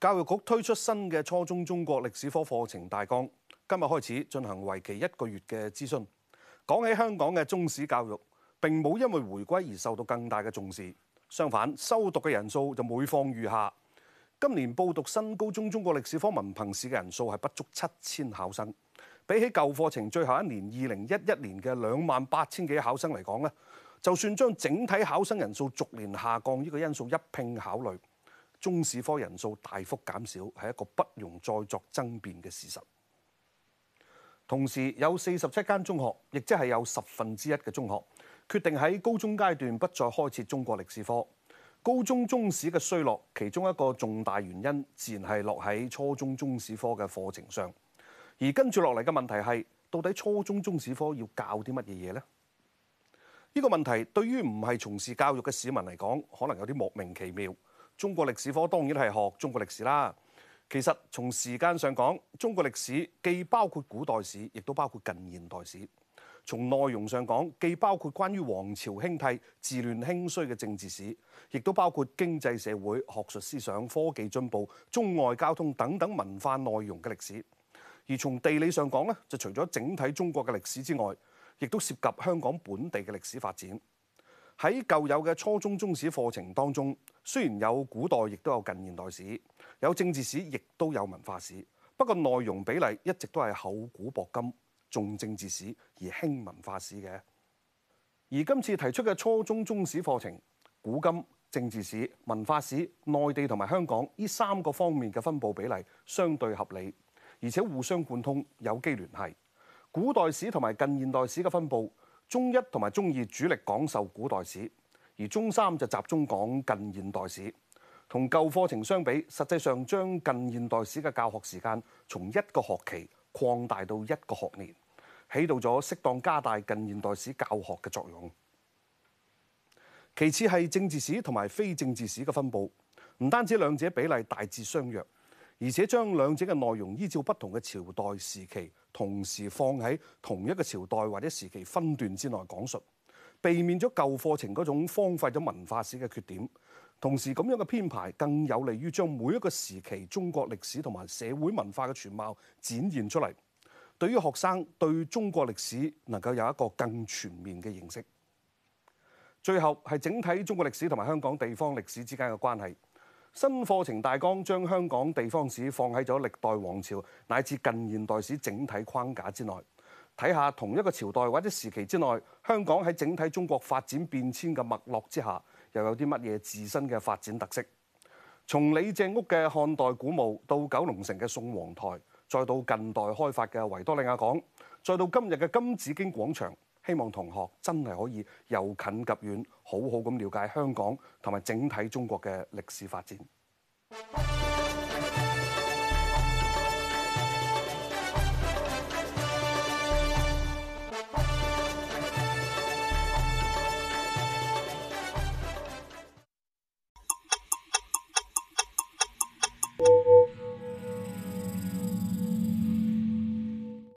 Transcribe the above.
教育局推出新嘅初中中國歷史科課程大綱，今日開始進行為期一個月嘅諮詢。講起香港嘅中史教育，並冇因為回歸而受到更大嘅重視，相反，修讀嘅人數就每況愈下。今年報讀新高中中國歷史科文憑試嘅人數係不足七千考生，比起舊課程最後一年二零一一年嘅兩萬八千幾考生嚟講呢，就算將整體考生人數逐年下降呢個因素一併考慮。中史科人數大幅減少係一個不容再作爭辯嘅事實。同時有四十七間中學，亦即係有十分之一嘅中學決定喺高中階段不再開設中國歷史科。高中中史嘅衰落，其中一個重大原因自然係落喺初中中史科嘅課程上。而跟住落嚟嘅問題係，到底初中中史科要教啲乜嘢嘢呢？呢個問題對於唔係從事教育嘅市民嚟講，可能有啲莫名其妙。中國歷史科當然係學中國歷史啦。其實從時間上講，中國歷史既包括古代史，亦都包括近現代史；從內容上講，既包括關於皇朝興替、治亂興衰嘅政治史，亦都包括經濟社會、學術思想、科技進步、中外交通等等文化內容嘅歷史；而從地理上講呢就除咗整體中國嘅歷史之外，亦都涉及香港本地嘅歷史發展。喺舊有嘅初中中史課程當中，雖然有古代，亦都有近現代史，有政治史，亦都有文化史。不過內容比例一直都係厚古薄今，重政治史而輕文化史嘅。而今次提出嘅初中中史課程，古今、政治史、文化史、內地同埋香港呢三個方面嘅分布比例相對合理，而且互相貫通、有機聯繫。古代史同埋近現代史嘅分布。中一同埋中二主力講授古代史，而中三就集中講近現代史。同舊課程相比，實際上將近現代史嘅教學時間從一個學期擴大到一個學年，起到咗適當加大近現代史教學嘅作用。其次係政治史同埋非政治史嘅分佈，唔單止兩者比例大致相若。而且將兩者嘅內容依照不同嘅朝代時期，同時放喺同一個朝代或者時期分段之內講述，避免咗舊課程嗰種荒廢咗文化史嘅缺點。同時咁樣嘅編排，更有利於將每一個時期中國歷史同埋社會文化嘅全貌展現出嚟。對於學生對中國歷史能夠有一個更全面嘅認識。最後係整體中國歷史同埋香港地方歷史之間嘅關係。新課程大綱將香港地方史放喺咗歷代王朝乃至近現代史整體框架之內，睇下同一個朝代或者時期之內，香港喺整體中國發展變遷嘅脈絡之下，又有啲乜嘢自身嘅發展特色。從李鄭屋嘅漢代古墓，到九龍城嘅宋皇台，再到近代開發嘅維多利亞港，再到今日嘅金紫荊廣場。希望同學真係可以由近及遠，好好咁了解香港同埋整體中國嘅歷史發展。